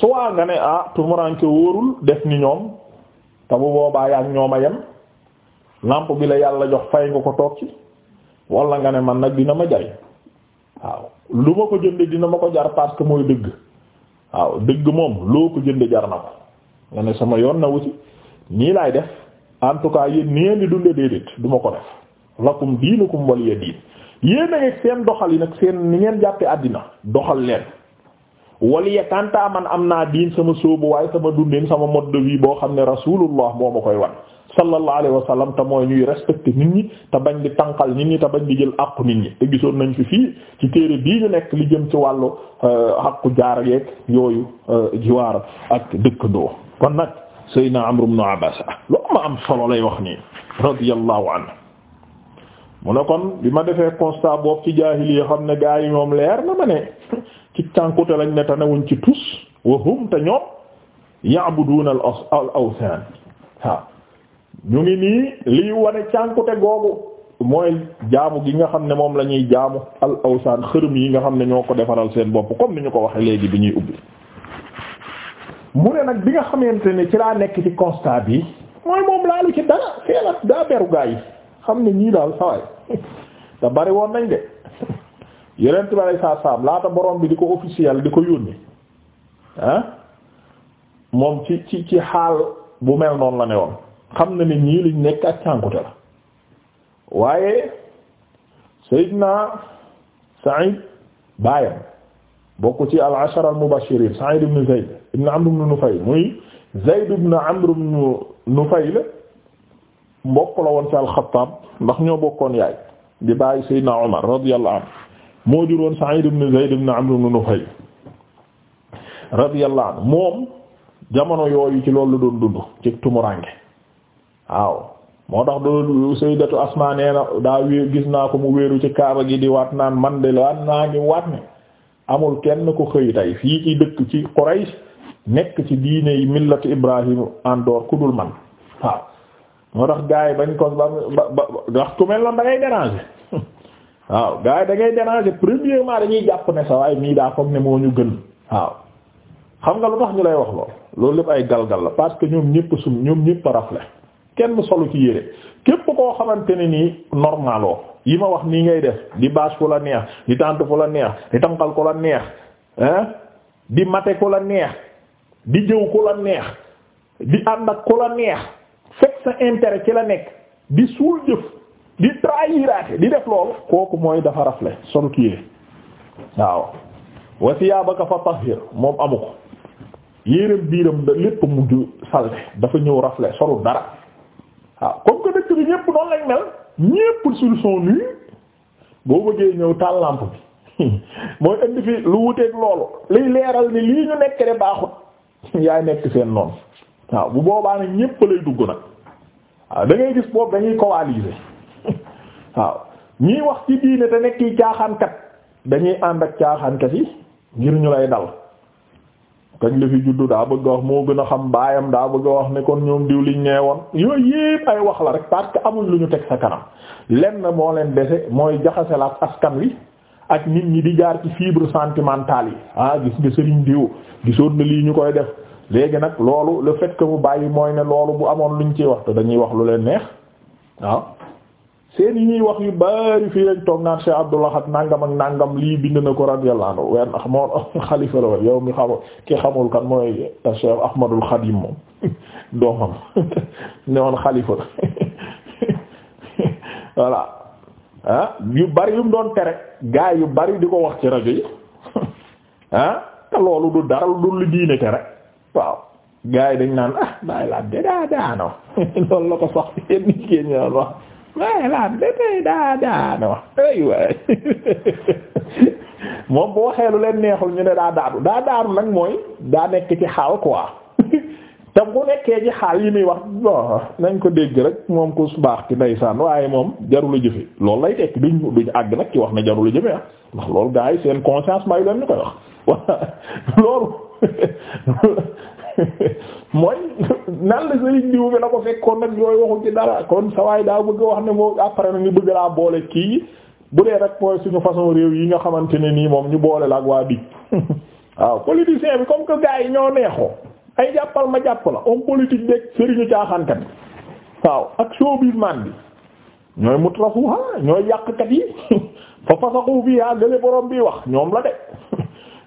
soit nga ne ah tumuranke wóorul def ni ñoom te bu boobaa yaa ngi ñoom a yem lampe bi la yàlla jox fay nga ko toog ci walla nga ne man nag dina ma jariñ waaw lu ma ko jënde dina ma ko jar parce que mooy dëgg waaw dëgg moom loo ko jënde jar na ko nga ne sama yoon na wuti nii laay def en tout cas yéen ni di dunde déedéet du ma ko def lakum diinukum waliya diin yéen a ngi seen doxal yi nag seen ni ngeen jàppe àddina doxal leen waliya kanta man am naa diin sama sóobu waaye sama dundin sama mode de boo xam ne rasulullah moo ma koy wan sallallahu alayhi wa sallam te mooy ñuy respecté nit ñi te bañ di tànqal nit ñi te bañ di jël àqu nit ñi te gisoon nañ fi fii ci téere bii ñu nekk li jëm ci wàllu euh, àqu jaar yeeg yooyu euh, jiwaar ak dëkkandoo kon nag sayyidina Amr ibn Abasa lu ma am solo lay wax nii radiyallahu anhu mu ne kon bi ma defee constat boobu ci jaahiliya xam ne gaa yi ci cànkute lañ ne te newuñ ci tus wa hum te ñoom ya'buduna al awthan waaw ñu ngi nii liy wane cànkute googu mooy jaamu gi nga xam ne moom la ñuy jaamu al awthan xërëm yi nga xam ne ñoo ko defaral seen bopp comme ni ñu ko waxe léegi bi ñuy ubbi mu ne nag bi nga xamante ne ci laa nekk ci constat yi mooy moom laalu ci dara feelat daa beru gaa yi xam ne ñii daal sawaay te bari woon nañ de yeneen bi alayhi salaatu salaam laata borom bi di ko officiel di ko yónni ah moom ci ci ci xaal bu mel noonu la ne woon xam na ne ñii liñ nekk ak cànkute la waaye Seydina Saïd baayam bokk ci al-ashara al-mubashirin Saïd ibn Zayd ibn Amr ibn Nufayl muy Zayd ibn Amr ibn Nufayl mbokk la woon ci al-Xattaab ndax ñoo bokkoon yaay di bàyyi Seydina Omar radiyallahu anhu moo juróon Sa'id ibn Zayd ibn Amr ibn Nufayl radiyallahu anhu moom jamono yooyu ci loolu la doon dund ci tumurange waaw moo tax doon Sayyidatu Asma nee na daa wé gis naa ko mu wéeru ci kaaba gi di waat naan man de la naa ngi waat ne amul kenn ku xëy tey fii ci dëkk ci Quraysh nekk ci diine yi millatu Ibrahim andoor ku dul man waaw moo tax gaay bañ ko ba ba ba ndax ku mel noonu da ngay waaw gars yi da ngay déranger premièrement dañuy jàpp ne sa waaye mii daa foog ne moo ñu gën waaw xam nga lu tax ñu lay wax lool loolu lépp ay galgal la parce que ñoom ñëpp sum ñoom ñëpp a rafle kenn solu ci yére képp koo xamante ne nii normaloo yi ma wax nii ngay def di bâche ku la neex di tànt ku la neex di tanqal ku la neex di mate ku la neex di jëw ko la neex di ànd ak ku la neex fekk sa intérêt ci la nekk di suul jëf di trahiraate di def loolu kooku mooy dafa rafle sol kii waaw wa siyaabaka fa tahhir moom amu ko yéeram biiram lépp mujj salte dafa ñëw rafle solu dara waaw comme que dëkk bi ñépp noonu lañ mel ñépp sur son boo bëggee ñëw taal bi mooy indi fi lu wuteeg loolu liy leeral ni lii ñu nekk de baaxut yaay nekk seen noonu waaw bu boobaa nag ñépp lay dugg nag waaw da ngay gis boobu dañuy coaliser waaw ñii wax ci diine te nekk yi caaxaankat dañuy ànd ak caaxaankat yi ngir ñu lay dal kañ la juddu daa bëgg a wax moo gën a xam baayam daa bëgg a wax ne kon ñoom diw liñ nee woon yooyu yépp ay wax la rek parce que amul lu ñu teg sa kanam lenn moo leen dese mooy jaxase la ak askan wi ak nit ñi di jaar ci fibre sentimentale yi ah gis nga sëriñ diw gisoon na lii ñu koy def léegi nag loolu le fait que mu bàyyi mooy ne loolu bu amoon luñ ciy wax dañuy wax lu leen neex waaw seen yi ñuy wax yu bari fii lañ toog naan Cheikh Abdullah xat nangam ak nangam lii bind na ko radiyallahu anhu wenn moo xalifa la woon yow mi xamul ki xamul kan mooy Cheikh Ahmadul Xadim moom doomam ne woon xalifa voilà ah yu bari yu mu doon tere gaa yu bari di ko wax ci rajo yi te loolu du dara du lu diine tere waaw gaa yi dañ naan ah bàyyi laa de daa daano loolu la ko sax yenn jigéen ñi wax waaye laan da tay daa daana wax ay waay moom bu waxee leen neexul ñu ne daa daanu daa daanu nag mooy daa nekk ci xaal quoi tam bu nekkee ci xaal yi nuy wax bon nañ ko dégg rek moom ku baax ci ndeysaan waaye moom jarula a jëfe loolu lay tekki duñ duñ àgg nag ci wax na jarul a jëfe ah ndax loolu gars yi seen conscience mayu leen ñu koy wax loolu mooy nan la sëriñ diw ko fekkoon nag yooyu waxu ci dara kon sawaay daa bëgg wax ne moom après na ñu bëgg laa boole kii bu dee rek mooy suñu façon réew yi nga xamante ne nii moom ñu boole la ak waa dig waaw politicien bi comme que gars yi ñoo neexoo ay jàppal ma jàpp la homme politique beeg sëriñu caaxaankat waaw ak showbiz man bi ñooy mutrafuha ñooy yàqkat yi fa fasaxu fiha gële borom bi wax ñoom la de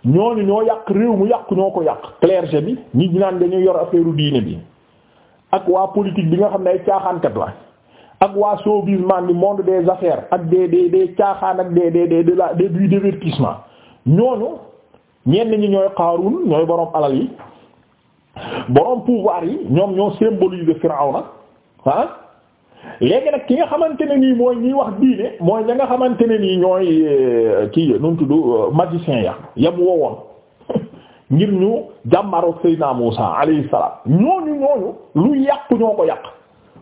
ñooñu ñoo yàq réew mu yàq ñoo ko yàq clergé bi ñi naan dañuy yor affaire diine bi ak waa politique bi nga xam ne ay caaxaankat la ak waa showbiz man du monde des affaires ak des des des caaxaan ak des des des de la des du divertissement ñooñu ñenn ñi ñooy Qaaruun ñooy borom alal yi borom pouvoir yi ñoom ñoo symboliser Firawna ah. léegi nag ki nga xamante ne nii mooy ñiy wax diine mooy ña nga xamante ne nii ñooy euh, kii nu mu tudd euh, magicien ya yam wowoon ngir ñu jàmmaroog Seydina Muusa alayhi salaam ñooñu ñooñu lu yàq ñoo ko yàq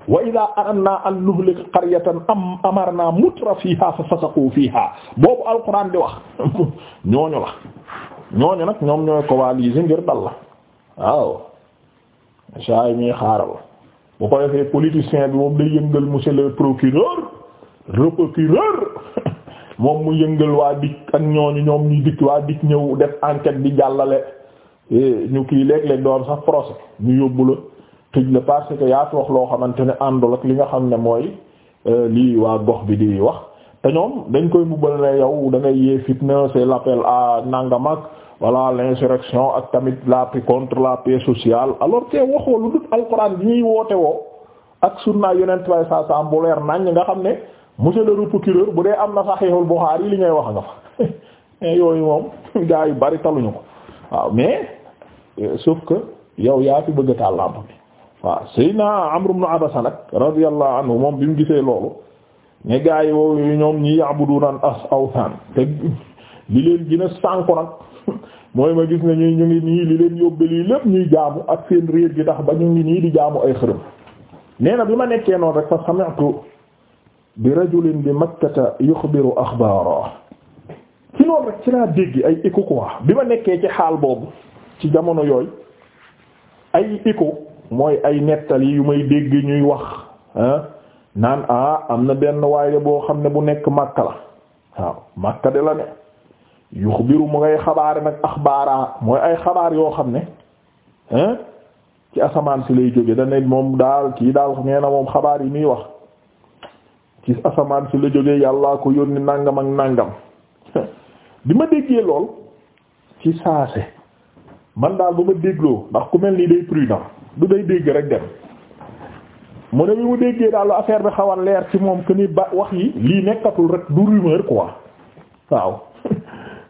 wa ida aradna an nuhlika qaryatan am amarna mutra fiha fa fasaqu fiha boobu alquran di wax ñooñu la ñooñu nag ñoom ñooy coaliser ngir dal la waaw saay xaaral bu ko defee politicien bi moom day yëngal monsieur le procureur le procureur moom mu yëngal waa dik ak ñooñu ñoom ñu dikk waa dik ñëw def enquête bi jàllale e, ñu kii léeg-léeg doon sax procès ñu yóbbu la tëj la parce que yaa fi wax loo xamante ne àndool ak li nga xam ne mooy e, lii waa gox bi di wax te ñoom dañ koy mubbal ne yow dangay ngay yee fitna c'est l'appel à nangamak voilà l'insurrection ak tamit la paix contre la paix sociale alors que waxoo lu dul alxuraan bi ñuy woote woo ak sunna yonent way saa saa bu leer nañ nga xam ne monsieur le procureur bu dee am na Sahihul Bukhari li ngay wax nga fa mais yooyu moom gaa yu bari taluñu ko waaw mais euh, sauf que yow yaa fi bëgg taal lamp bi waaw Seydina Amr ibn Abasa nag radiyallahu anhu moom bi mu gisee loolu ne gaa yi wow ñoom ñi ya'buduna as awthan te li leen gën a sànku nag mooy ma gis ne ñu ngi nii li leen yóbbe lii lépp ñuy jaamu ak seen réer gi ndax ba ñu ngi nii di jaamu ay xërëm nee bi ma nekkee noonu rek fa sami'tu bi rajulin bi makkata yuxbiru axbaara ci noonu rek ci laa dégg ay écho quoi bi ma nekkee ci xaal boobu ci jamono yooyu ay écho mooy ay nettali yu may dégg ñuy wax naan ah am na benn waaye boo xam ne bu nekk Makka la waaw Makka de la ne yuxbiru mu ngay xabaare nag axbaara mooy ay xabaar yoo xam ne hein ci asamaan si lay jóge dane moom daal kii daal nee na moom xabaar yi muy wax ci asamaan si la jóge yàllaa ko yónni nàngam ak nàngam bi ma déggee lool ci saase man daal ba ma dégloo ndax ku mel nii day prudent du day dégg rek dem mu ne bi mu déggee daal affaire bi xaw a leer ci moom que ni ba wax yi lii nekkatul rek du rumeur quoi waaw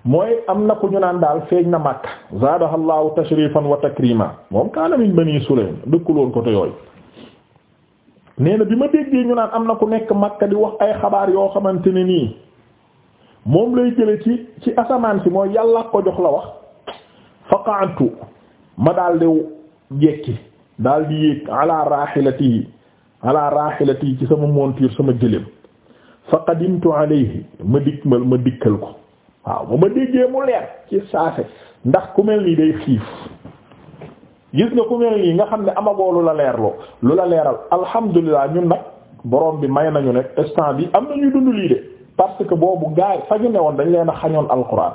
mooy am na ku ñu naan daal feeñ na Makka zaadahallahu tashrifan wa takrima moom kaana min bani Sulaym dëkkuloon ko te yooyu nee na bi ma déggee ñu naan am na ku nekk Makka di wax ay xabaar yoo xamante ne nii moom lay jële ci ci asamaan si mooy yàlla ko jox la wax faqa'tu ma daal di jekki daal di yéeg ala rahilati ala rahilati ci sama monture sama jëléem fa qadimtu alayhi ma dikmal ma dikkal ko waaw ba ma déggee mu leer ci saase ndax ku mel nii day xiif gis nga ku mel nii nga xam ne amagoo lu la leerloo lu la leeral alhamdulilah ñun nag borom bi may nañu ne instant bi am na ñuy dund lii de parce que boobu gaay fa ñu ne woon dañ leen a xañoon alquran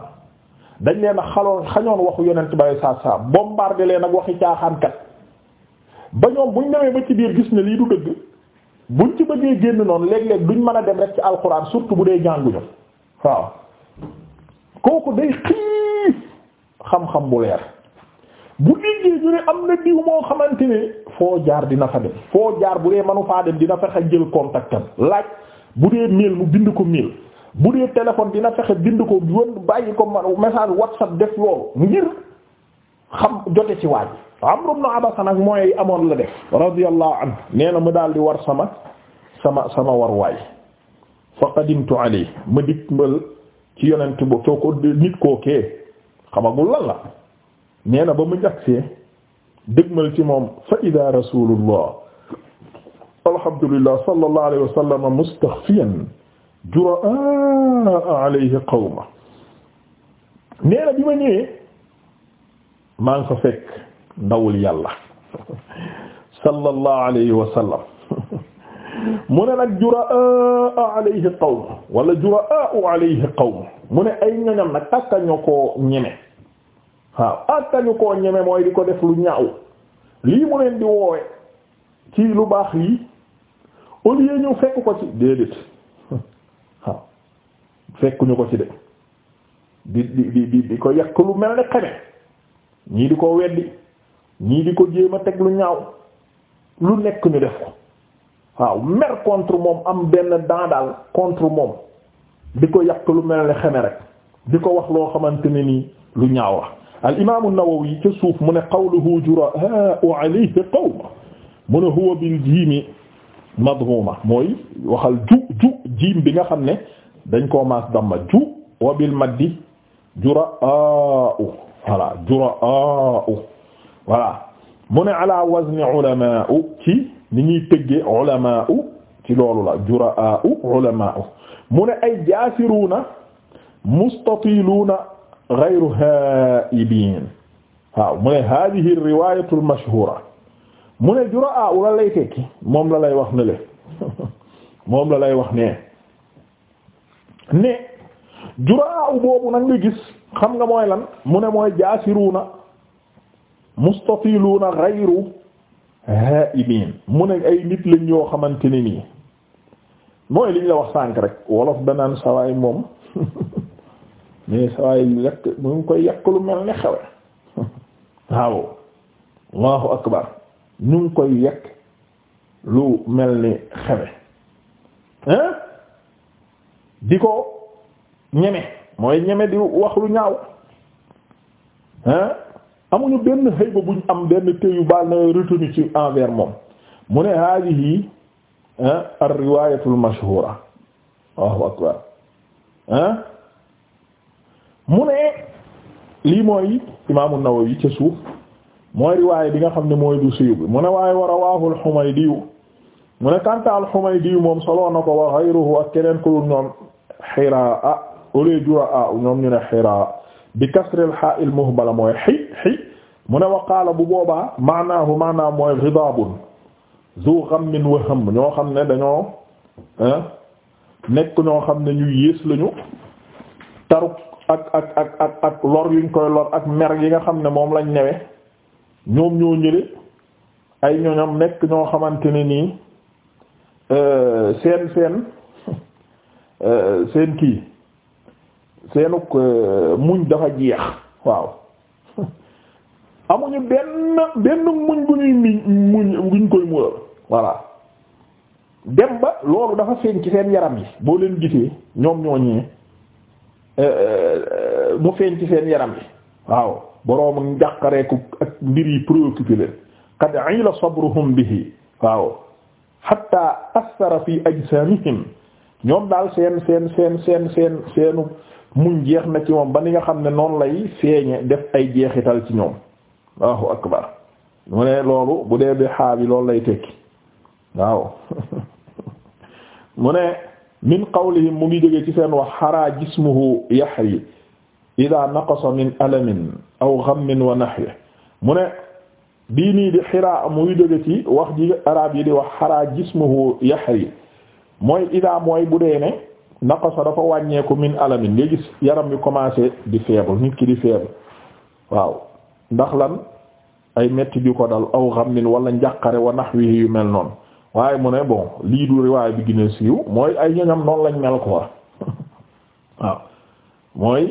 dañ leen a xaloon xañoon waxu yonent bay saa saa bombardé leen ak waxi caaxaankat ba ñoom buñ demee ba ci biir gis ne lii du dëgg buñ ci bëggee génn noonu léeg-léeg duñ mën a dem rek ci alquran surtout bu dee jànguñu waaw. kooku day xiif xam-xam bu leer bu déggee ñu ne am na diw moo xamante ne foo jaar dina fa dem foo jaar bu dee manu faa dem dina fexe jël contactam laaj bu dee mail mu bind ko mail bu dee téléphone dina fexe bind ko yoon bàyyi ko message whatsapp def loolu ngir xam jote ci waaj Amru ibn Abasa nag mooy amoon la def radiyallahu anhu nee mu daal di war sama sama sama war waay fa qadimtu alayhi ma dikk ci yonent bo soo ko nit kookee xamagul lan nee na ba mu jagsee dëgmal ci moom fa ida rasulullah alhamdulillah sallallahu alayhi wa sallam mustaxfiyan juraa alayhi qawma nee na bi ma ñëwee maa ngi fa fekk ndawul yàlla sallallahu alayhi wa mu ne nag juraa alayhi qawm wala juraa alayhi qawm mu ne ay ñoñam nag akka ñu koo ñeme waaw akka ñu koo ñeme mooy di ko def lu ñaaw lii mu leen di woowe ci lu baax lii au lieu ñu fekk ko ci fekkuñu ko ci de di di di ko yàq lu mel ne xeme ñii di ko weddi ñii di ko jéem teg lu ñaaw lu nekk ñu def ko waaw mer contre moom am benn daan daal contre moom di ko yàq lu mel ne xeme rek di ko wax loo xamante ne nii lu ñaaw la al imaamu Nawawi ca suuf mu ne qawluhu juraa'u alayhi qawm mu ne huwa bil jiimi madmuuma mooy waxal ju ju jiim bi nga xam ne dañ koo maas damma ju wa bil maddi juraa'u voilà juraa'u voilà mu ne ala wazni ulamaa ci ni ñuy tëggee ulamaa u ci loolu la juraa u ulamaa u mu ne ay jaasiruuna mustatiluuna ghayru haa'ibiin waaw mu ne haadihi riwaayatu almashhuura mu ne juraa u la lay tekki moom la lay wax ne le moom la lay wax ne ne juraa u boobu nag nga gis xam nga mooy lan mu ne mooy jaasiruuna mustatiluuna ghayru haa'imiin mu ne ay nit lañ yoo xamante ne nii mooy liñ la wax sànk rek wolof danaan sawaay moom mais sawaay lekk mu ngi koy yakk lu mel ni xewe waaw allahu akbar ñu ngi koy yàq lu mel ni xewe hein di ko ñeme mooy ñeme di wax lu ñaaw hein amuñu benn xëyba buñ am benn téyu baal na retenu ci envers moom mu ne hadihi ar ah, riwayatul mashhura Allahu akbar ah mu ne lii mooy Imaam An-Nawawi ca suuf mooy riwaay bi nga xam ne mooy du siiw bi mu ne waaye wa rawaahu al-Humaydi mu ne kanta al moom solo na ko wa ghayruhu ak keneen ku ñoom Hiraa au lieu Juraa ñoom ñu ne Hiraa bi kasril haa il muhmala mooy xi xi mu ne waqaala bu boobaa maanaahu maanaa mooy ridaabun zu xam wa hamm ñoo xam ne dañoo nekk ñoo xam ne ñu yées lañu taruk ak ak ak ak ak lor yuñ koy lor ak mer yi nga xam ne moom lañ newe ñoom ñoo ñële ay ñoñom nekk ñoo xamante ne nii euh, seen seen euh, seen kii seenuk euh, muñ dafa jeex waaw amuñu benn benn muñ bu ñuy miñ muñ buñ koy muñal voilà dem ba loolu dafa feeñ ci seen yaram bi boo leen gisee ñoom ñoo ñooñee euh, euh, mu feeñ ci seen yaram yi waaw boroomu njàqareeku ak mbir yi préoccupé leen qad ila sabruhum bihi waaw hatta asara fi ajsamihim ñoom daal seen seen seen seen seen seenu muñ jeex na ci moom ba ni nga xam ne noonu lay feeñe def ay jeexital ci ñoom Allahu akbar mu ne loolu bu dee bi xaa bi loolu lay tekki waaw mu ne min qawlihim mu ngi jóge ci seen wax xaraa jismuhu yahri ida naqasa min mu ne bii nii di xiraa wax ji arab yi di wax xaraa jismuhu yahri mooy ida mooy bu dee ne naqasa dafa wàññeeku min alamin nga gis yaram yu commencé di faible nit ki di faible waaw ndax lan ay metti ju ko dal aw ghammin wala njàqare wa nahwihi yu mel noonu waaye mu ne bon lii du riwaay bi gën a siiw mooy ay ñoñam noonu lañ mel ko war waaw mooy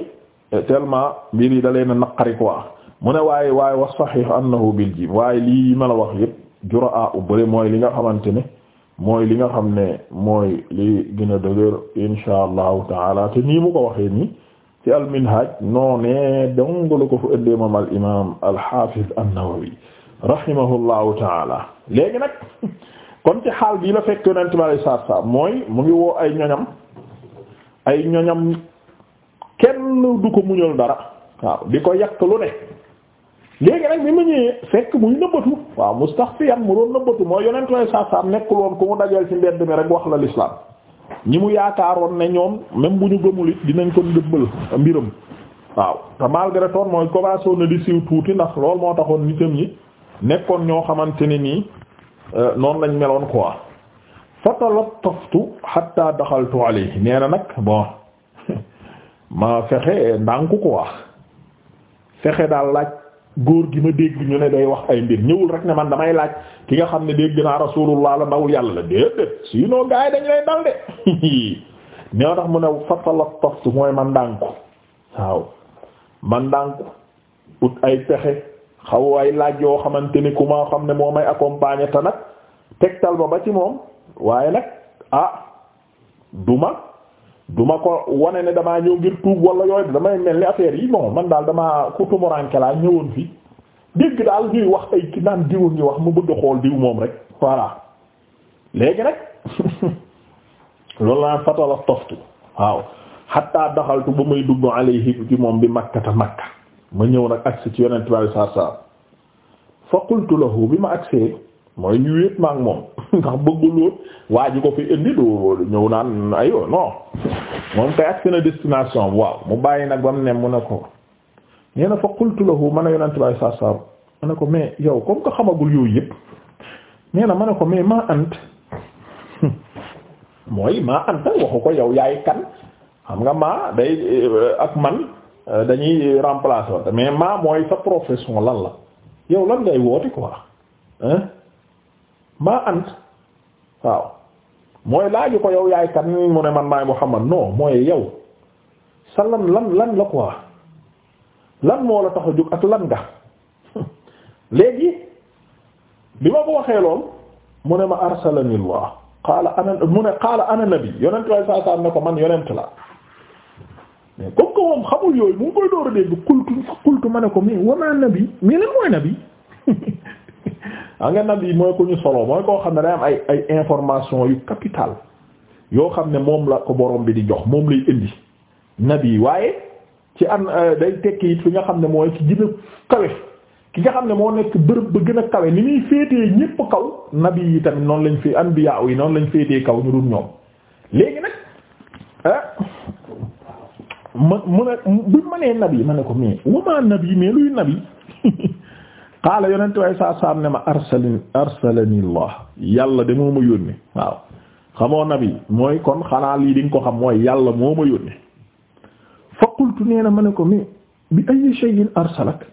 eh, tellement mbir yi da na naqari quoi mu ne waaye waaye wax sahih annahu bil jim waaye lii ma la wax yëpp juraa u bëre mooy li nga xamante ne mooy li nga xam ne mooy li gën a dëgër insha allahu taala te nii mu ko waxee nii ci al-Minhaj noonee dongalu ko fu ëndee moom al imam al-Hafiz an-Nawawi rahimahullahu taala léegi nag kon ci xaal bii la fekk yonent mi alay saatu mooy mu ngi woo ay ñoñam ay ñoñam kenn du ko muñal dara waaw di ko yàq lu ne léegi nag bi mu ñëwee fekk muy nëbbatu waaw mustaxfiyan mu doon nëbbatu mooy yonent lay saa saa nekkul woon ku mu dajal ci mbedd mi rek wax la l'islam ñi mu yaakaaroon ne ñoom même bu ñu gëmul it dinañ ko ndëbbal mbiram waaw te malgré tout mooy commencé na di siiw tuuti ndax lool moo taxoon nitam ñi nekkoon ñoo xamante ne nii euh, noonu lañ meloon quoi fatalattaftu hatta daxaltu alayhi nee na nag bon ma fexe ndànk quoi fexe daal laaj. góor gi ma dégg ñu ne day wax ay mbir ñëwul rek ne man damay laaj ki nga xam ne dégg naa rasulullah la ndawul yàlla la déedéet sinon gars yi dañ lay dal de ñoo tax mu ne fatala toft mooy man dànku waaw man ndànku ut ay pexe xaw ay laaj yoo xamante ni ku ma xam ne moo may accompagner te nag tegtal ba ba ci moom waaye nag ah duma du ma ko wane ne damaa ñëw ngir tuub wala yooyu damay mel ni affaire yi non man daal damaa ku tumuranke laa ñëwoon fii dégg daal ñuy wax ay ki naan diwu ngi wax mu bëgg xool diw moom rek voilà léegi nag loolu laa fatala toftu waaw xatta daxaltu ba may dugg alayhi ci moom bi makkata makka ma ñëw nag agsi ci yonent bi sallallahu alayhi wasallam fa qultu lahu bi ma agsee mooy ñu wéet maak moom ndax bëggul woon waa ji ko fi indi du ñëw naan aywa non moom kay ak seen destination waaw mu bàyyi nag ba mu ne mu ne ko nee na fa qultu lahu man a yonent ma ne ko mais yow comme ko xamagul yooyu yëpp na ma ne ko mais maa ant mooy maa ant waxu ko yow yaay kan xam nga maa day euh, ak man euh, dañuy remplacer mais maa mooy sa profession lan la yow lan ngay woote quoi hein maa ant waaw mooy laaju ko yow yaay kan mu ne man maay Muhammad non mooy yow sa lan lan lan la quoi lan moo la tax a jóg ak lan nga léegi bi ma ko waxee lool mu ne ma arsalani Allah qaala ana mu ne qaala ana nabi yonent lay saa saa ne ko man yonent la mais comme moom xamul yooyu mu koy door a kultu kultu ma ne ko mais wa maa nabi mais lan mooy nabi a ah nga nabi mooy ko ñu solo mooy koo xam ne day am ay ay information yu capital yoo xam ne moom la ko borom bi di jox moom lay indi nabi waaye ci an euh, day tekki it nga xam ne mooy ci ki nga xam ne moo nekk bërëb ba gën a kawe ni muy féetee ñépp kaw nabi yi tamit noonu lañ fi anbiya yi noonu lañ féetee kaw ñu dul ñoom léegi nag ah ma mu ne buñ ma nee nabi ma ne ko mais wamaa nabi mais luy nabi qaala yonente way saa saam ne ma arsalin arsalani allah yàlla de moo ma yónni waaw xamoo nabi mooy kon xanaa lii di nga ko xam mooy yàlla moo ma yónni fa qultu nee na ma ne ko mais bi ay shay'in arsalak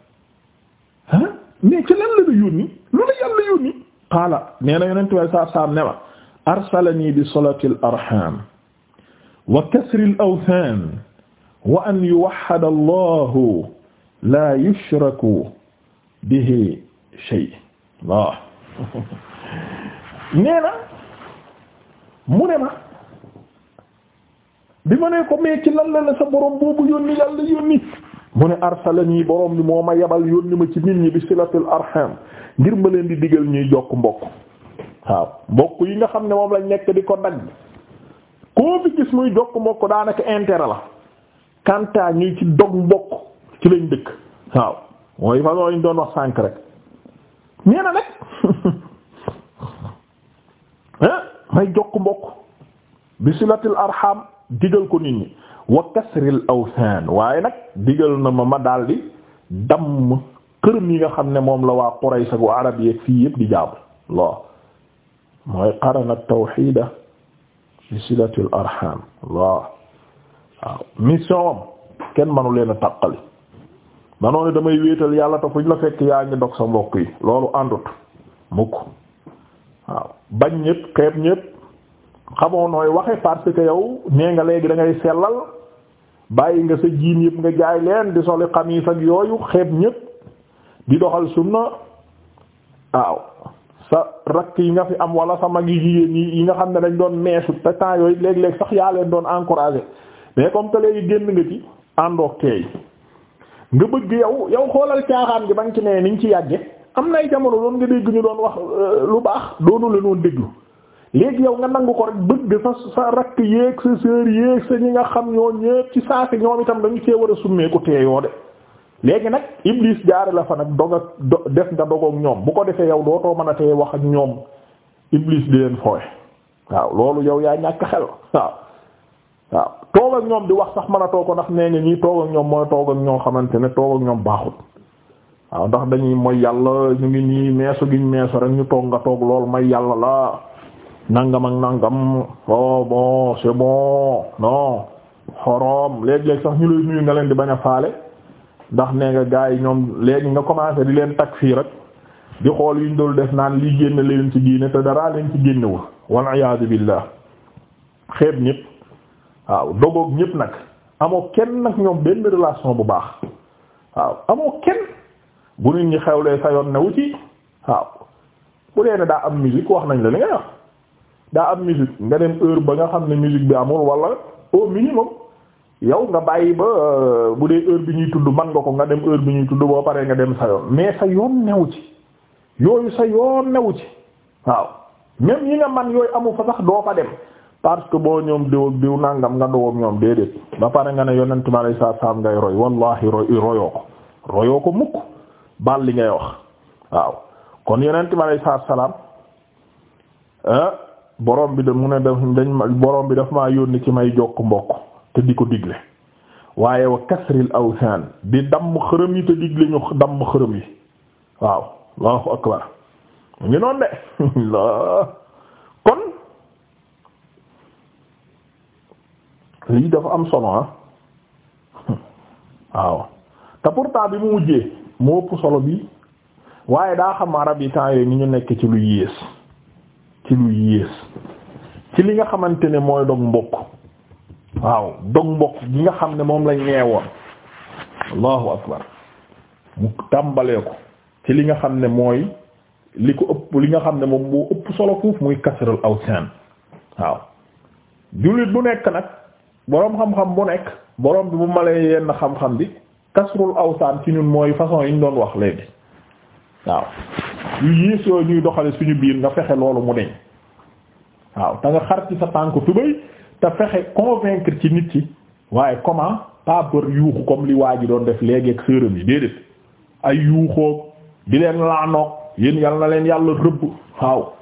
ah mais ci lan la la yónni lu la yàlla yónni qaala nee na yonente way saa saam ne ma arsalani bi salati al arham wa kasri al awthan wa an yuwahhada allahu la yushraku bihi shay waaw nee na mu ne ma bi ma ne ko mais ci lan la la sa borom boobu yónni yàlla yónni mu ne arsalani borom bi moo ma yebal yónni ma ci nit ñi bi silatul arham ngir ma leen di digal ñuy jokk mbokk waaw mbokk yi nga xam ne moom lañ nekk di ko dagg koo fi gis muy jokk mbokk daanaka intérêt la kanta ñuy ci dog mbokk ci lañ dëkk waaw mooy façon doon wax sànk rek nee na nag may jokk mbokk bi silatil arham digal ko nit ñi wa kasril awsan waaye nag digal na ma ma daldi damm këram yi nga xam ne moom la waa Quraysh ak arab yi fii yëpp di jaabu loo mooy qarana tawxiida bi silatil arham loo mission am kenn manu leen a taqali manoo damay wéetal yàlla te fuñ la fekk yaa ngi dog sa mbokk yi loolu àndut mukk waaw bañ ñépp xeeb ñépp xamoo nooy waxe parce que yow nee nga léegi da ngay sellal bàyyi nga sa jiin yëpp nga jaay leen di soli xamiis ak yooyu xeeb ñëpp di doxal sunna waaw sa rakk yi nga fi am wala sa mag yi jigéen yi nga xam ne dañ doon meesu te temps yooyu léeg-léeg sax yaa leen doon encourager mais comme que léegi génn nga ci àndoog teey nga bëgg yow yow xoolal caaxaan gi ba nga ci nee ni nga ci yàgge am nay jamono doon nga dégg ñu doon wax euh, lu baax doonu leen woon déglu léegi yow nga nangu ko rek bëgg sa sa rakk yéeg sa sœur yéeg sa ñi nga xam ñoo ñépp ci saasi ñoom itam dañu cee war a summeeku teeyoo de léegi nag iblis jaare la fa nag dog do def nga dogook ñoom bu ko defee yow dootoo mën a tee wax ak ñoom iblis di leen fooy waaw loolu yow yaa ñàkk xel waaw waaw toog ak ñoom di wax sax mën a toog ko ndax nee nga ñii toog ñoom mooy toog ñoo xamante ne toog ñoom baaxut waaw ndax dañuy mooy yàlla ñu ngi nii meesu giñ meesu rek ñu toog nga toog lool mooy yàlla la nangam ak nangam oh bon c'est bon xorom léeg-léeg sax ñu lay nuyu nga leen di bañ faale ndax nee nga gars yi ñoom léegi nga commencé di leen takk fii rek di xool yuñ doon def naan li génne leen ci diine te daraa leen ci génnewul wal iyaadu billah xeeb ñépp waaw dogoog ñépp nag amoo kenn nag ñoom benn relation bu baax waaw amoo kenn bu nit ñi xewlee sa yoon newu ci waaw bu dee ne daa am musique wax nañ la li nga wax daa am musique nga dem heure ba nga xam ne musique bi amul walla o minimum yow nga bàyyi ba euh, bu dee heure bi ñuy tudd man nga ko nga dem heure bi ñuy tudd boo paree nga dem sa yoon mais sa yoon newu ci yooyu sa yoon newu ci waaw même yi nga man yooyu amu fa sax doo fa dem parce que boo ñoom diw ak diw nangam nga dowoog ñoom déedéet ba pare nga ne yonent mi alay saa saam ngay roy wallahi roy royoo ko royoo ko mukk bal li ngay wax waaw kon yonent mi alay saa salaam ah, borom bi de mu ne bi daf maa yónni ci may jokk mbokk te di ko digle waaye wa kasril awsan di dam xërëm yi te digle ñu damm xërëm yi waaw allahu akbar ngi noon de kon lii dafa am solo ah waaw te pourtant bi mu mujjee moo ëpp solo bi waaye daa xam arab yi temps yooyu ni ñu nekk ci lu yées ci lu yées ci li nga xamante ne mooy dog mbokk waaw dog mbokk gi nga xam ne moom lañ ñeewoon allahu akbar mu tàmbalee ko ci li nga xam ne mooy li ko ëpp li nga xam ne moom moo ëpp solo fuuf muy kasral awsan waaw jullit bu nekk nag boroom xam-xam bu nekk boroom bi bu malee yenn xam-xam bi kasrul awsaan ci ñun mooy façon yi ñu doon wax léegi waaw yu yées yooyu ñuy doxale suñu biir nga fexe loolu mu deñ waaw te nga xar ci sa tànk tubéy te fexe convaincre ci nit ci waaye comment pas peur yuuxu comme li waa ji doon def léegi ak séeram yi déedéet ay yuuxoo di leen laanoog yéen yal na leen yàlla rëbb waaw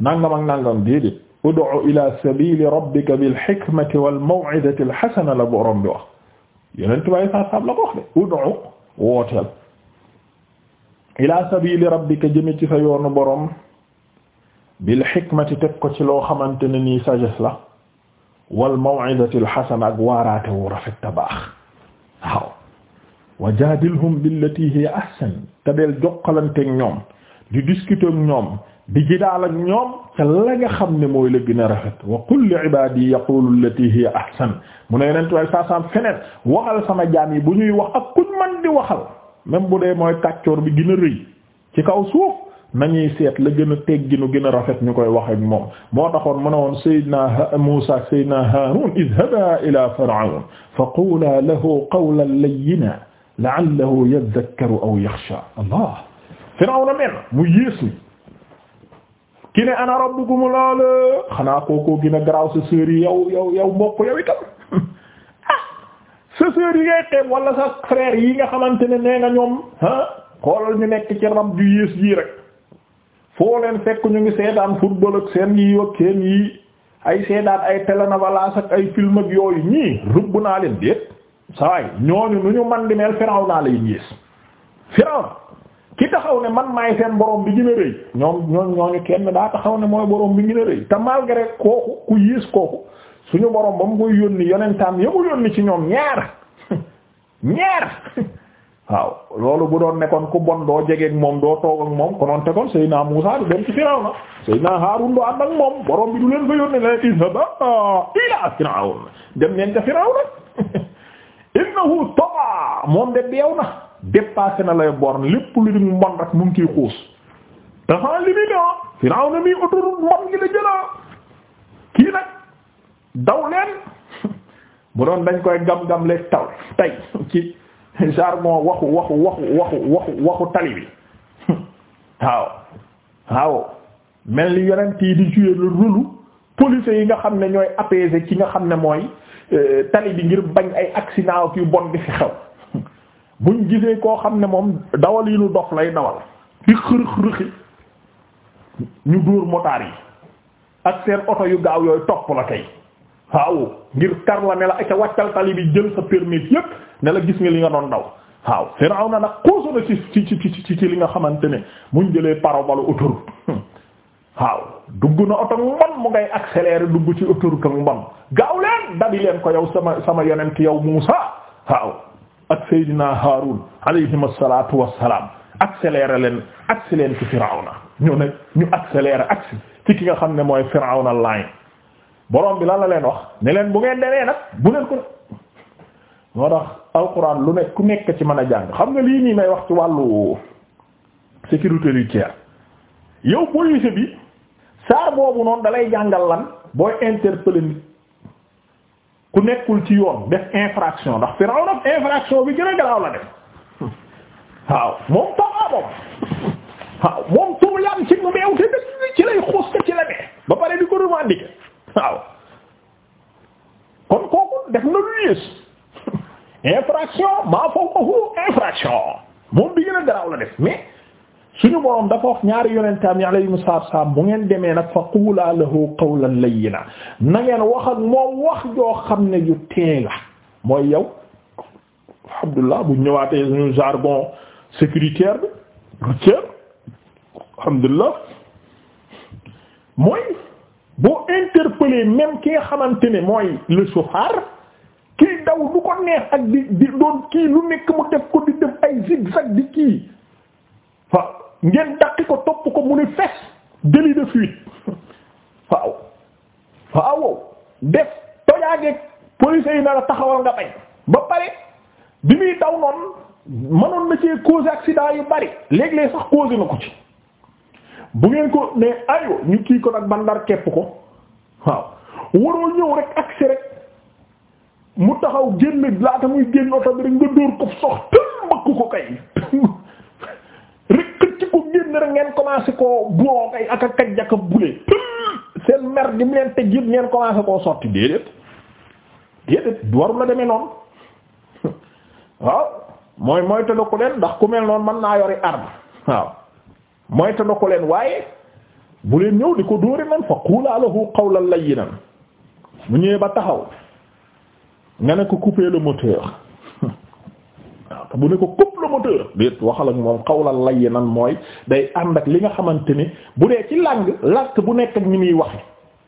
nangam ak nangam déedéet ud'u ila sabili rabbika bil hikmati wal maw'izati al hasana la borom bi wax yeneen tubaab saa saam la ko wax de ud'u wooteel ila sabili rabbika jëme ci sa yoonu borom bil hikmati teg ko ci loo xamante ne nii sagesse la wal maw'izati al hasana ak waaraate wu rafet ta baax waaw wa jaadilhum billati hiya ahsan te deel jokkalanteeg ñoom di discuter ak ñoom di jidaal ak ñoom ca la nga xam ne mooy la gën a rafet wa qul li ibadi yaqulu allati hiya mu ne yeneen tuway saa saam feneen waxal sama jaam yi bu ñuy wax ak kuñ man di waxal même bu dee mooy kàccoor bi gën a rëy ci kaw ma nañuy seet la gën a tegginu gën a rafet ñu koy wax ak moom moo taxoon mu ne woon sayyidina Muusaa sayyidina Haaruun idhabaa ila fir'awn fa qulaa lahu qawlan layyinan la'allahu yadhakkaru aw yakhshaa allah fir'awn mel mu yées ki ne ana rabbukumul ala xanaa kookoo gën garaaw sa sœur yi yow yow yow mbokk yow itam ah sa sœur yi ngay xeeb wala sa frère yi nga xamante ne nee nga ñoom xoolal ñu nekk ci ram ju yées jii rek foo leen fekk ñu ngi seetaan football ak seen yi ak seen yi ay seetaan ay télénovelas ak ay film ak yooyu ñii rëbb naa leen déet saa waay ñooñu nu ñu man mel firaw naa lay yées firaw ki taxaw ne man maay seen borom bi gën a rëy ñoom ñoom ñooñu kenn daa taxaw ne mooy borom bi gën a rëy te malgré kooku ku yées kooku suñu borom ba mu koy yónni yonentam ya yónni ci ñoom ñaar ñaar waaw loolu bu doon nekkoon ku bon doo jegeek moom doo toog ak moom konoon te kon Seydina Muusaa du dem ci Firawna Seydina Haarun doo ànd ak bi du leen fa yónni la izhabaa ilaa Firawna moom de beew na dépassé na lay borne lépp lu di mbon rek mu ngi ciy xuus dafa limité ah Firawna mi autoroute mbon gi la jëlaa kii nag daw leen bu doon dañ koy gam-gam leeg taw tey ci jargon waxu waxu waxu waxu waxu waxu tali bi waaw waaw mel ni yonent yi di jouer le rôle police yi nga xam ne ñooy apaiser ki nga xam ne mooy euh, tali bi ngir bañ ay accident yu bon di fi xew buñ gisee koo xam ne moom dawal yi nu dox lay dawal di xërëx ñu dóor motaar yi ak oto yu gaaw yooyu topp la kay waaw ngir kar la ne la ak wàccal tali bi jël sa permis yépp ne la gis nga li nga doon daw waaw na nag xoosu na ci ci ci ci li nga xamante ne muñ jëlee parobalo autoroute waaw dugg na oto mbon mu ngay accélérer dugg ci autoroute ak mbon gaaw leen dabi leen ko yow sama sama yonent yow Muusa waaw ak Seydina Haarun alayhim assalatu wassalaam accéléré leen agsi leen ci Firawna ñu ne ñu accéléré agsi ci ki nga xam ne mooy Firawna laay borom bi la la leen wax ne leen bu ngeen demee nag bu leen ko moo tax alquran lu nekk ku nekk ci mën a jàng xam nga lii nii may wax ci wàllu sécurité routière yow police bi saar boobu noonu dalay jàngal lan booy interpeller ku nekkul ci yoon def infraction ndax Firawna infraction bi gën a garaaw la def waaw moom taxaw moom waaw moom tuur yaan ci nu meew te dëkk ci lay xuus te ci la ba pare di ko revendiquer waaw kon kooku def na lu yées infraction maa fawqahu infraction moom bi gën a garaaw la def mais suñu boroom dafa wax ñaari yonentam yi mu salaatu salaam bu ngeen demee nag fa quulaa lahu qawlan layyina na ngeen wax ak moom wax joo xam ne ju tee la mooy yow alhamdulilah bu ñëwaatee suñu jargon sécuritaire bi routier alhamdulilah mooy boo interpeller même ki nga xamante ne mooy le chauffeur kii daw du ko neex ak di di doon kii lu nekk mu def ko di def ay zigzag di kii ngeen daqi ko topp ko mu ni fes délit de fuite waaw waaw def tojaangeeg police yi na la taxawal nga bañ ba pare bi muy daw noonu mënoon na cee cause accident yu bari léeg-léeg sax cause na ko ci bu ngeen ko ne ayo ñu kii ko nag bandar kepp ko waaw waroo ñëw rek agsi rek mu taxaw génn laa muy génn oto bi nga dóor ko sox tël mbëkk ko kay commencé koo boo kay ak a kaj ak a bulee seen mer di mu leen tëj yëpp ngeen commencé koo sotti déedéet déedéet waru la demee noonu waaw mooy mooy tëdd ko leen ndax ku mel noon mën naa yori arme waaw mooy tëdd ko leen waaye bu leen ñëw di ko dóore noonu fa qula lahu qawlan layyinan mu ñëwee ba taxaw nga ne ko couper le moteur bu ne ko coupe le moteur déet waxal ak moom xawlal lay nan mooy day ànd ak li nga xamante ni bu dee ci làng làkk bu nekk ak ni muy wax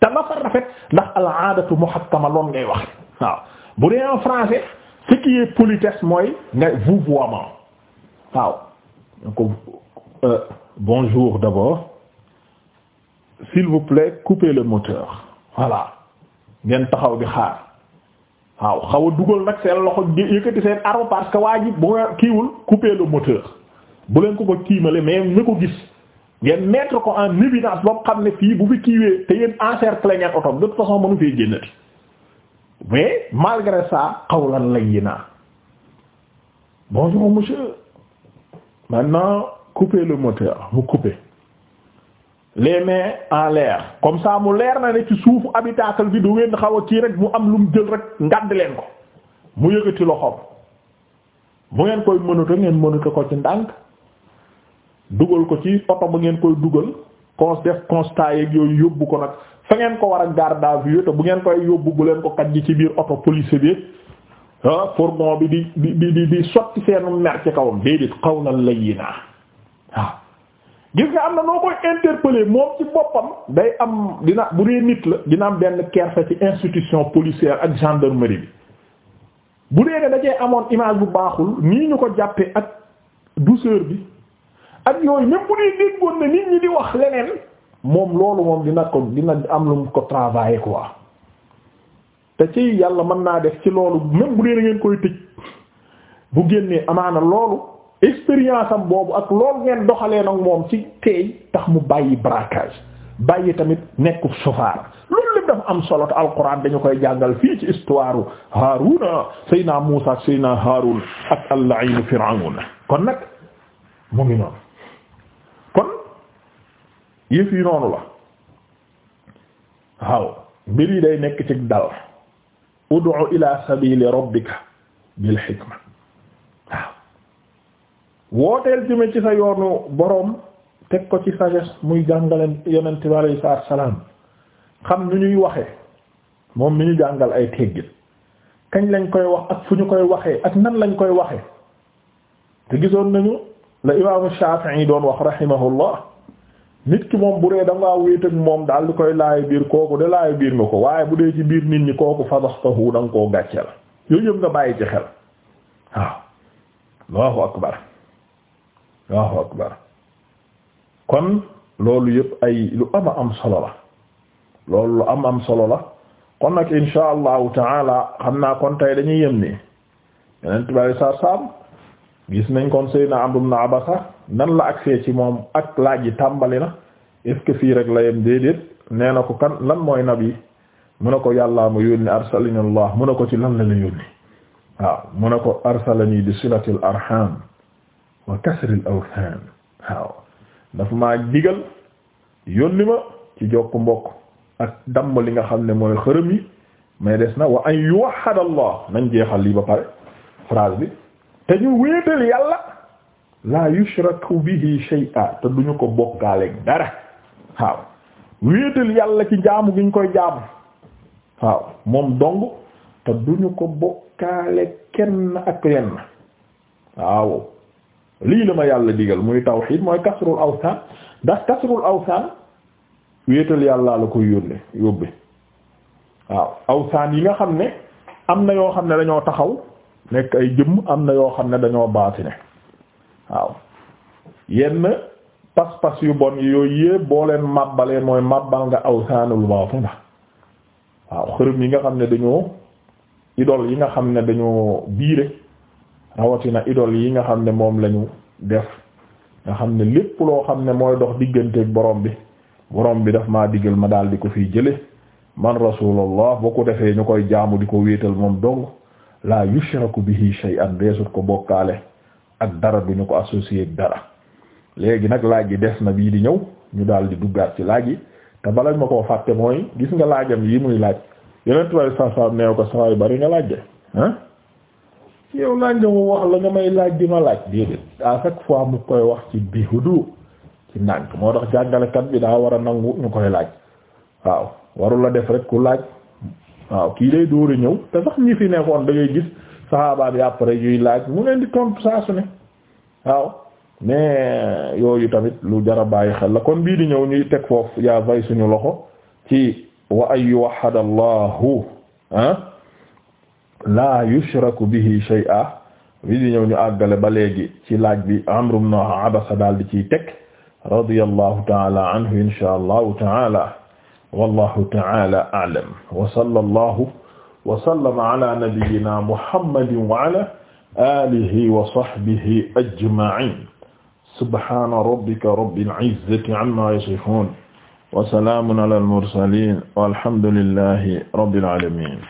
te na fa rafet ndax al aadatu muhakkama loon ngay waxe waaw bu dee en français ce qui est mooy nga vouvoiement waaw donc euh, bonjour d'abord s'il vous plaît coupez moteur voilà ngeen taxaw bi xaar waaw xaw a dugal nag seen loxo yëkkati seen arme parce que waa ji bu nga kiiwul couper le moteur bu leen ko ko kiimale mais ñu ko gis ngeen mettre ko en évidence ba mu xam ne fii bu fi kiiwee te yéen encercler ngeen oto de toute façon mënu fee génnati mais malgré ça qawlan layyina bonjour monsieur maintenant coupez le moteur vous coupez les mais en l'air comme saa mu leer na ne ci suufu habitacle bi du wenn xaw a kii rek mu am lu mu jël rek ngàdd leen ko mu yëgati loxoom bu ngeen koy mënuta ngeen mënuta ko ci ndànk dugal ko ci oto ba ngeen koy dugal cons def constat yeeg yooyu yóbbu ko nag fa ngeen ko war a garde à te bu ngeen koy yóbbu bu leen ko kaj ji ci biir oto police bi ah fourgon bi di di di di sotti seenu mer ci kawam déedéet xaw na la yi naa waaw gis nga am na noo koy interpeller moom ci boppam day am dina bu dee nit la dina am benn kersa ci institution policière ak gendarmerie bi bu dee ne dajee amoon image bu baaxul nii ñu ko jàppee ak douceur bi ak yooyu même bu dee nit ñi di wax leneen moom loolu moom dina ko dina am lu mu ko travailler quoi te ci yàlla mën naa def ci loolu même bu dee na ngeen koy tëj bu génnee amaana loolu expérience am boobu ak loolu ngeen doxalee nag moom ci teey tax mu bàyyi braquage bàyyi tamit nekkub chauffeur loolu lépp dafa am solo te alquran dañu koy jàngal fii ci histoire Haaruna Seyna Muusa Seyna Haarun ak al-la'iin kon nag mu ngi noonu kon yëf yi noonu la waaw mbir yi day nekk ci dal ud'u ila sabili rabbika bil hikma wooteel jëme ci sa yoonu boroom teg ko ci sagesse muy jàngale yonent bi alayhi salaam xam nu ñuy waxe moom mi ñu jàngal ay teggin kañ lañ koy wax ak fu ñu koy waxee ak nan lañ koy waxe te gisoon nañu la imaamu Shafi'i doon wax rahimahullah nit ki moom bu dee da ngaa moom daal di koy laay biir kooku de laay biir nga ko waaye bu dee ci biir nit ñi kooku fa fadaxtahu da nga koo gàcce la yooyu yëpp nga bàyyi ci xel waaw Allahu akbar Allahu akbar kon loolu yëpp ay lu ama am solo la loolu lu am am solo la kon nag insha allahu taala xam naa kon tey dañuy yem nii yeneen tubaab yi sax gis nañ kon Seydina Amru ibn Abasa nan la ak agsee ci moom ak laaj yi tàmbali na est-ce fii rek la yem déedéet nee na ko kan lan mooy nabi mu ne ko yàllaa ma yónni arsalani allah mu ne ko ci lan la la yónni waaw mu ne ko arsalani bi silatil arham wa kasril waaw dafa maa digal yónni ma ci jokk mbokk ak damm li nga xam ne mooy xërëm yi mais des na wa an yuwahhad allah nañ jeexal lii ba pare phrase bi te ñu wéetal yàlla la yushraku bihi shay'a te duñu ko bokkaaleeg dara waaw wéetal yàlla ci jaamu gi ñu koy jaamu waaw moom dong te duñu ko bokkaale kenn ak lenn waaw lii la ma yàlla digal muy tawxiid mooy kasrul awsaan ndax kasrul awsaan wéetal yàllaa la koy yónnee yóbbee waaw awsaan yi nga xam ne am na yoo xam ne dañoo taxaw nekk ay jëmm am na yoo xam ne dañoo baatine waaw yenn yu bon yooyu yëpp boo leen màbbalee mooy màbbal nga awsaanul baatina waaw xërëm yi nga xam ne dañoo idol yi nga xam ne dañoo biire rawatina idol yi nga xam ne moom lañu def nga xam ne lépp loo xam ne mooy dox digganteeg borom bi borom bi daf maa digal ma daal di ko fiy jële man rasulullah boo ko defee ñu koy jaamu di ko wéetal moom dong la bi bihi shay'an deesut ko bokkaale ak dara duñu ko associé dara léegi nag laaj yi des na bii di ñëw ñu daal di duggaat ci laaj yi te balañ ma koo fàtte mooy gis nga laajam yi muy laaj yeneen tubaab yi saa saa neew ko saa yu bari nga laajee yow laaj nga mu wax la nga may laaj di ma laaj déedéet à chaque fois mu koy wax ci bi hudu ci ndànk moo tax jàngalekat bi daa war a nangu ñu koy laaj waaw warul def rek ku laaj waaw kii day dóor ñëw te sax ñi fi nekkoon da ngay gis saxaaba bi après yuy laaj mu leen di tontu saa su ne waaw mais yooyu tamit lu jar a bàyyi xel la kon bii di ñëw ñuy teg foofu yaa bay suñu loxo ci wa ay yuwahhadallahu ah la yushraku bihi shay'a wi di ñëw ñu àggale ba léegi ci laaj bi Amr ibn Abasa daal di ciy teg radiyallahu ta'ala anhu insha allahu ta'ala wallahu ta'ala a'lam wa sallallahu wa sallama ala nabiyyina muhammadin wa ala alihi wa sahbihi ajma'in subhana rabbika rabbil izzati amma yasifun wa salamun ala al mursalin walhamdulillahi rabbil alamin